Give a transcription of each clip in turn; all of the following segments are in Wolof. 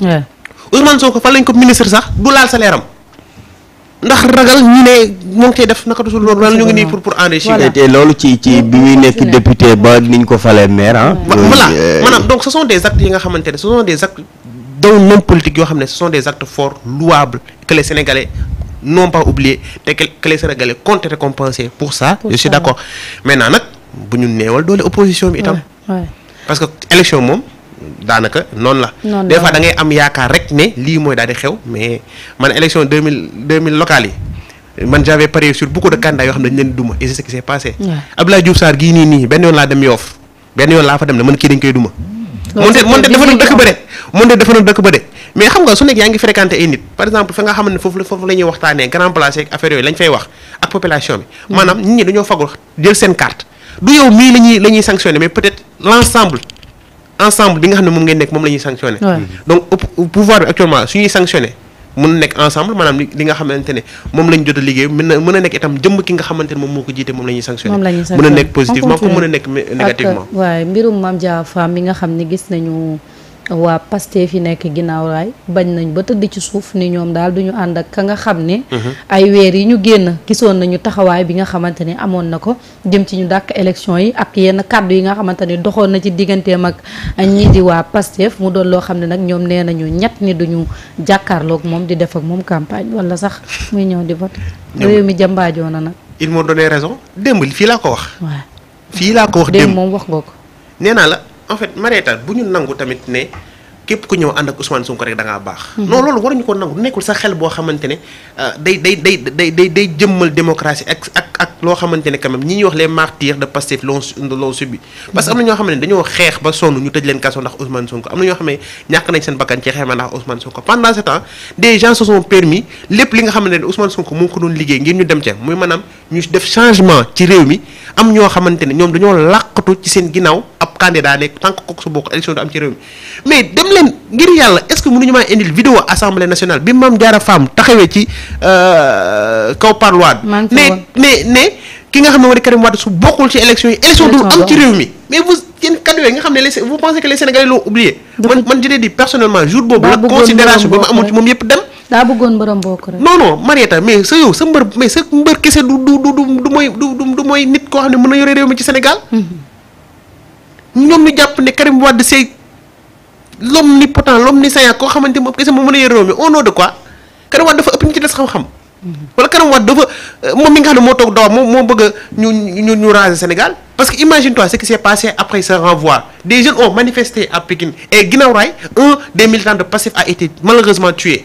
Ousmane Sonko fan lañ ko ministre sax du laal salaire am ndax ragal ñu ne mu ngi koy def naka du sul loolu daal ñu ngi nii pour pour enrichir. voilà loolu ci ci bi muy nekk député ba niñ ko falee maire ah. voilà euh, donc ce sont des actes yi nga xamante ne ce sont des actes daw non politique yoo xam ne ce son des actes forts louables que les Sénégalais n'ont pas oublié te que les Sénégalais comptent récompenser pour ça. je suis d'accord maintenant nag bu ñu neewal doole opposition bi itam. parce que daanaka noonu la. noonu la des fois da ngay am yaakaar rek ne lii mooy daal xew mais man élection deux mille deux yi. man j'avais parié sur beaucoup de candidats yoo xam ne dañ koy duma. loolu c'est dafa doon dëkk ba de mais xam nga su nekk yaa ngi fréquenté ay par exemple foofu la waxtaanee grand place ak affaire yooyu lañ fay wax ak population bi. Mm. maanaam nit ñi dañoo fagul jël seen carte du yow mii la ñuy la mais peut-être l'ensemble ensemble bi nga xam ne moom ngeen nekk moom la ñuy sanctionné donc pouvoir bi actuellement su ñuy sanctionné mën na nekk ensemble maanaam li nga xamante ne moom lañ jot a liggéey mën na mën a nekk itam jëmm ki nga xamante ne moom moo ko jiite moom la ñuy sanctionné mën nekk positivement comme mën a nekk négativement waaye mbirum Mame Diarra Fam nga xam ne gis nañu waa Pastef yi nekk ginnaaw raay bañ nañ ba tëdd ci suuf ni ñoom daal du ñu ànd ak ka nga xam ne. Mhm. ay weer yi ñu génn gisoon nañu taxawaay bi nga xamante ne amoon na ko jëm ci ñu dàkk élection yi ak yenn kàddu yi nga xamante ne doxoon na ci digganteem ak ñii di waa Pastef mu doon loo xam ne nag ñoom nee nañu ñett ni duñu jàkkaarloog moom di def ak moom campagne wala sax muy ñëw di vote. réew mi jàmbaajoo na nag. ils m'ont donné raison démb fii laa ko wax. fii laa ko wax moom wax nga ko en fait Marieta bu ñu nangu tamit ne képp ku ñëw ànd ak Ousmane Sonko rek da ngaa baax. Mhm. non loolu war ñu ko nangu nekkul sa xel boo xamante ne euh, day day day day day day jëmmal démocratie ak ak ak loo xamante ne quand ñi ñuy wax les martyrs de Pastef l'ont l'ont subi parce que am na ñoo xam ne dañoo xeex ba sonn ñu tëj leen kaso ndax Ousmane Sonko am na ñoo xam ne ñàkk nañ seen bakkan ci xeex ma ndax Ousmane Sonko pendant ce temps des gens se permis lépp li nga xamante ne Ousmane Sonko moo ko doon liggéey ngir ñu dem ca muy maanaam ñu def changement ci réew mi am ñoo xamante ne ñoom dañoo làqatu ci seen ginnaaw ab candidat nekk tant que su ne ki nga xam ne moo di Karim Wade su bokkul ci élection yi élection dul am ci réew mi mais vous yéen kaddu yooyu nga xam ne les vous pensez que les Sénégalais l'ont oublié man man je l'ai dit personnellement jour boobu la considération mooy nit koo xam ne mën na yore réew mi ci Sénégal. Mm-hmm. ñoom ñu jàpp ne Karim Wade c'est l'omnipotent l'omniscient koo xamante moom kese moom mën a yore réew mi au de quoi Karim Wade dafa ëpp ñu ci des xam-xam. wala Karim Wade dafa moom mi nga xam ne moo toog doo moo bëgg a ñu ñu ñu raser Sénégal parce que imagine toi ce qui s'est passé après ce renvoi des jeunes ont manifesté à Pékin et Guinaw Rail un des militants de Pastef a été malheureusement tué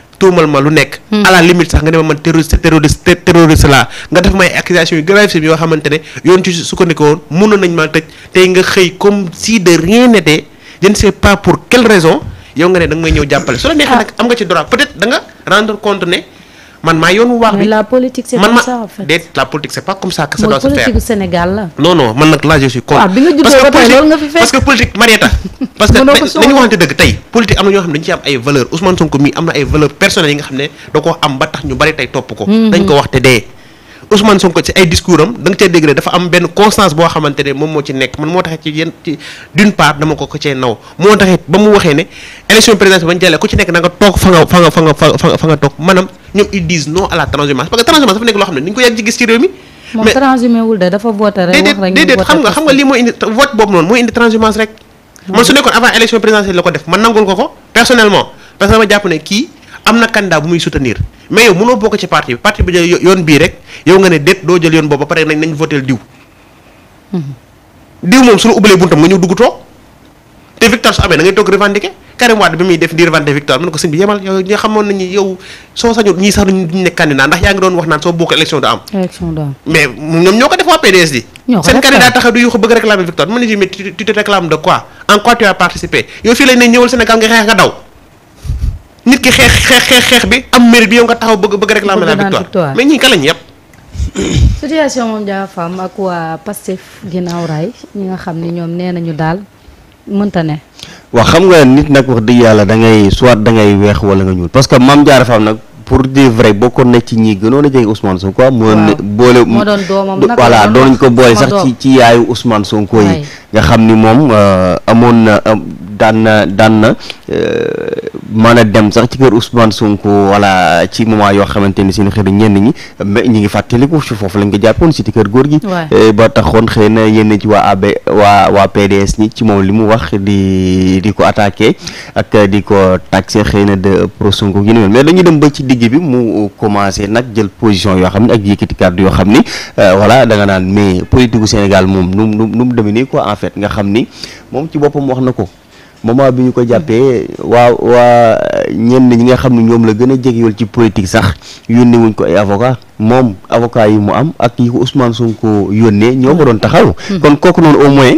tuumal ma lu nekk hmm. à la limite sax nga ne ma man terroriste terroriste terroriste la nga def may accusation yu gravissime yoo xamante ne yoon ci sukkandikoo woon mënoon nañ maa tëj tey nga xëy comme si de rien n'était je ne sais pas pour quelle raison yow nga ne da may ñëw jàppale su la neexee ah. am nga ci droit peut-être rendre compte ne man maa yoonu waax bi la politique c'est comme man nag là je suis ah, parce que politique Marieta parce que nañu waxante dëgg tey politique am na ñoo xam ne dañu ci am ay valeur Ousmane Sonko mii am na ay valeur personnelles yi nga xam ne da ko am ba tax ñu bari tey topp ko mhm. dañ ko wax te dee Ousmane Sonko ci ay discours am da nga cee dafa am benn constance boo xamante ne moom moo ci nekk man moo taxee ci d'une part dama ko ko naw moo taxee ba mu waxee ne élection présidentielle bañ jëlee nekk ñoom ils disent non à transhumance parce que transhumance dafa nekk loo xam ne ni ñu ko yàgg ci gis ci réew mi. moom transhumé wul de dafa voté vote rek. man su def man nangul ko ko personnellement parce que dama jàpp ne kii am na candidat bu muy soutenir mais yow mënoo bokk ci parti bi bi jël yoon bii rek yow nga ne déet doo jël yoon boobu ba pare nañ nañ voté diw. Mhm. diw moom su la ubbalee buntam nga ñëw dugg toog te victoire su amee da toog revendiquer Karim Wade bi muy def diir vente victoire mu ne bi xamoon nañu yow soo sañoon ñii sax duñu nekk candidat ndax yaa ngi doon wax naan soo bokk élection du am. élection du am mais ñoom ñoo ko def waa PDS di. ñoo ko def seen ne ji ne ñëwal Sénégal nga xeex nga daal mënta ne wax xam nga nit nag wax dëgg yàlla da ngay soit da ngay weex wala nga ñuul parce que Mame Diarra Fam nag pour dire vrai bokkoon na ci ñi gënoon a jege Ousmane Sonko quoi. waaw boole moo doon voilà doon nañ ko boole sax ci ci yaayu Ousmane Sonko yi. nga xam ni moom euh, amoon na. daan na daan na euh, mën a dem sax ci kër Ousmane Sonko voilà ci moment yoo xamante ni seen xëy ñenn ñi mais ñi ngi fàttaliku ci foofu lañu ko jàppoon si kër góor gi. Euh, ba taxoon xëy na yenn ci waa waa waa PDS ci moom li mu wax di di ko attaqué ak di ko taxé xëy na de pro Sonko gi ni mais dañu dem ba ci digg bi mu commencé nag jël position yoo xam ne ak yëkkati kàddu yoo xam ni euh, voilà da nga naan mais politique gu Sénégal moom nu mu nu mu demee nii ko en fait nga xam ni moom ci boppam wax na ko. moment bi ñu ko jàppee waaw waa ñenn ñi nga xam ne ñoom la gën a jegewul ci politique sax yónnee wuñ ko ay avocat moom avocat yi mu am ak yi ko Ousmane ko yónnee ñoo ko doon taxaw. Hmm. kon kooku noonu au moins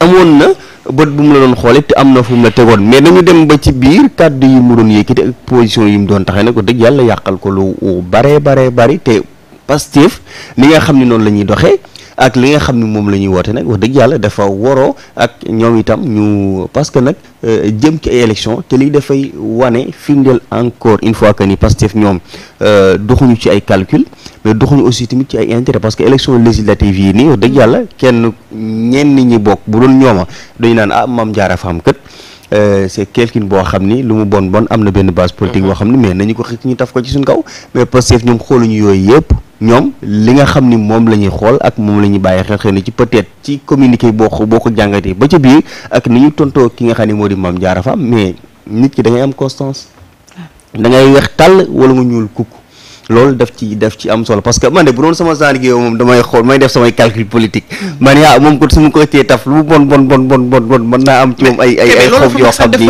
amoon na bët bu mu la doon xoolee te am na fu mu la tegoon mais dañu dem ba ci biir kàddu yi mu doon yëkkati ak position yi mu doon taxee nag ko dëgg yàlla yàqal ko lu baree bare bari te Pastef li nga xam ne noonu la ñuy doxee. ak li nga xam ne moom la ñuy woote nag wax dëgg yàlla dafa waroo ak ñoom itam ñu parce que nag euh, jëm ci ay élection te lii dafay wane firndeel encore une fois que ni Pastef ñoom euh, doxuñu ci ay calcul mais doxuñu aussi tamit ay intérêt parce que élection législative yi nii wax dëgg yàlla kenn ñenn ñi bokk bu doon ñooma dañu naan ah Mame Diarra Fam kët euh, c'est quelqu'un boo xam ni lu mu bon bon am na benn base politique mhm. boo xam ni mais nañu ko xëcc ñu taf ko ci suñ kaw mais Pastef ñoom xooluñu yooyu yëpp ñoom li nga xam ni moom la ñuy xool ak moom la ñuy bàyyi xel xëy na ci peut-être ci communiqué boo ko boo jàngatee ba ci biir ak ni ñu tontoo ki nga xam ni moo di maam jaara fa mais nit ki da ngay am constance ah. da ngay weex tàll wala nga ñuul kukk loolu daf ci def ci am solo parce que man de bu doon sama genre yow moom damay xool may def samay calcul politique hmm. man yaa moom ko su ma ko cee taf lu bon bon bon bon bon bon mën naa am ci moom ay ay ay xob yoo xam ni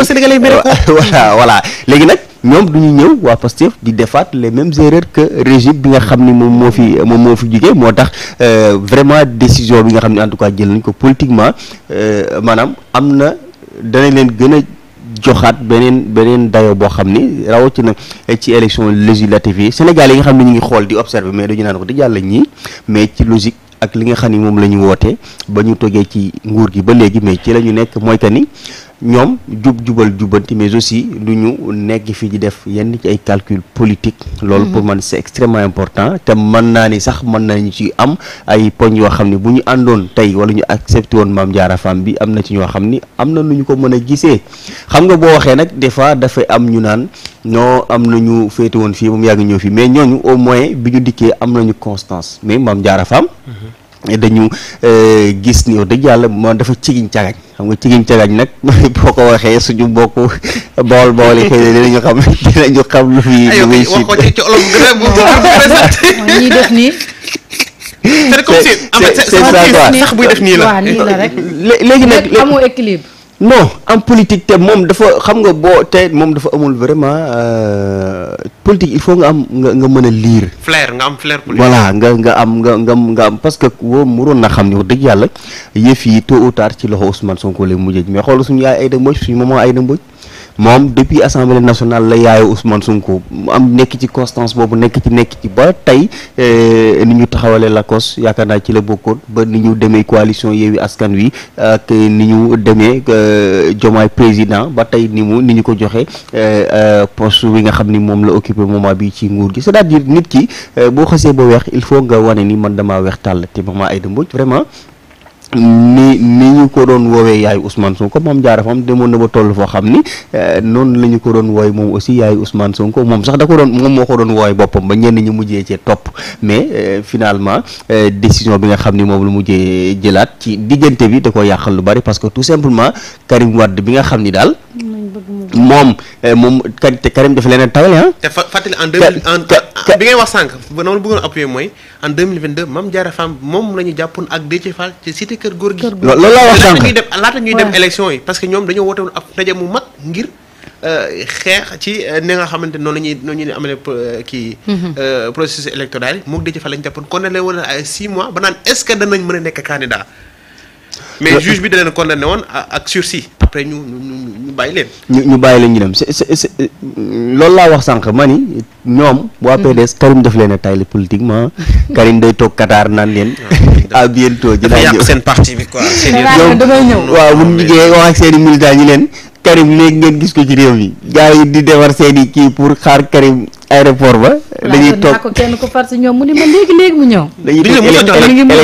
voilà voilà léegi nag ñoom du ñu ñëw waa Pastef di defaat les mêmes erreurs que régime bi nga xam ni moom moo fi moom moo fi jugee moo tax euh, vraiment décision bi nga xam ne en tout cas jël nañ ko politiquement euh, maanaam am na danañ leen gën a joxaat beneen beneen dayo boo xam ni rawatina ci élection législative yi Sénégal yi nga xam ne ñu ngi xool di observer mais dañu naan ko di jàll ñii mais ci logique ak li nga xam ni moom la ñu woote ba ñu toggee ci nguur gi ba léegi mais ci la ñu nekk mooy que ni ñoom jub jubal jubanti mais aussi du ñu nekk fii di def yenn ci ay calcul politique loolu pour mhm. man c'est extrêmement important te mën naa ni sax mën nañu ci am ay poñ yoo xam ne bu ñu àndoon tey wala ñu accepté woon Mame Diarra Fam bi am na ci ñoo xam ni am na nu ñu ko mën a gisee xam nga boo waxee nag des fois dafay am ñu naan ñoo am na ñu féete woon fii ba mu yàgg ñëw fii mais ñooñu au moins bi ñu dikkee am nañu constance mais Mame Diarra Fam mhm. dañu euh, gis ni wax dëgg yàlla moo dafa cigiñ cagañ xam nga cigiñ cagañ nag boo ko waxee suñu mbokk bool bool yi xëy na dinañu xam dinañu xam lu fi lu muy si ñuy def nii c'est si en fait sax buy def nii la léegi nag amoo équilibre no am politique te moom dafa xam nga boo te moom dafa amul vraiment euh, politique il faut nga am nga nga mën a liir flair nga am flair politique. voilà nga nga am nga nga nga am parce que woo muroon na xam ni wax dëgg yàlla yëf yi tôt ou tard ci loxo Ousmane Sonko lay mujjee mais xool suñu yaay Aïda Mbodj suñu maman Aïda Mbodj. moom depuis assemblée nationale la yaayu Ousmane Sonko am nekk ci constance boobu nekk ci nekk ci ba tey eh, ni ñu taxawalee la cos yaakaar naa ci la bokkoon ba ni ñu demee coalition Yewwi Askan Wi ak ni ñu demee jomaay eh, président ba tey ni mu ni ñu ko joxe eh, poste bi nga xam ni moom la occupé moment bi ci nguur gi c'est-à-dire nit ki boo xasee ba weex il faut nga wane ni man dama weex tàll te Mame Aïda Mbodj vraiment ni ni ñu ko doon woowee yaay Ousmane Sonko moom jaara fam demoon na ba toll foo xam ni eh, noonu la ñu ko doon wooy moom aussi yaay Ousmane Sonko moom sax da ko doon moom moo ko doon wooy boppam ba ñenn ñi mujjee cee topp mais eh, finalement eh, décision bi nga xam ni moom lu mujjee jëlaat ci diggante bi da ko yàqal lu bari parce que tout simplement Karim Wade bi nga xam ni daal moom eh, moom te Karim dafa leen a tawale ah. te fàttali en deux mille en bi ngay wax sànq ba noonu bëggoon appuyer mooy en deux mille vingt deux Mame Diarra Fam moom la ñu ak Déthié Fall ci cité kër góor gi. loolu laa wax sànq laata ñuy dem laata yi parce que ñoom dañoo woote ab ndaje mu mag ngir. Euh, xeex ci euh, ni nga xamante noonu la noonu ñu amale euh, kii. Mm-hmm. processus électoral yi moom Déthié Fall lañ jàppoon woon ay 6 mois ba naan est danañ mën a nekk candidat mais après ñu ñu ñu bàyyi leen. ñu ñu bàyyi leen ñu dem c' euh, laa wax sànq ma ni ñoom. waa mm-hmm. PDS Karim daf leen a tayle politiquement Karim day toog Qatar naan leen. à ah, bientôt dinaa ñëw dafa yàq seen parti bi quoi. seen ñëw waaw bu ñu wax ak seen i militants ñi leen. Karim léegi ngeen gis ko ci réew yi gars yi di defar seen i kii pour xaar Karim aéroport ba. dañuy toog ko kenn ko far si ñoom mu ni ma léegi léegi mu ñëw.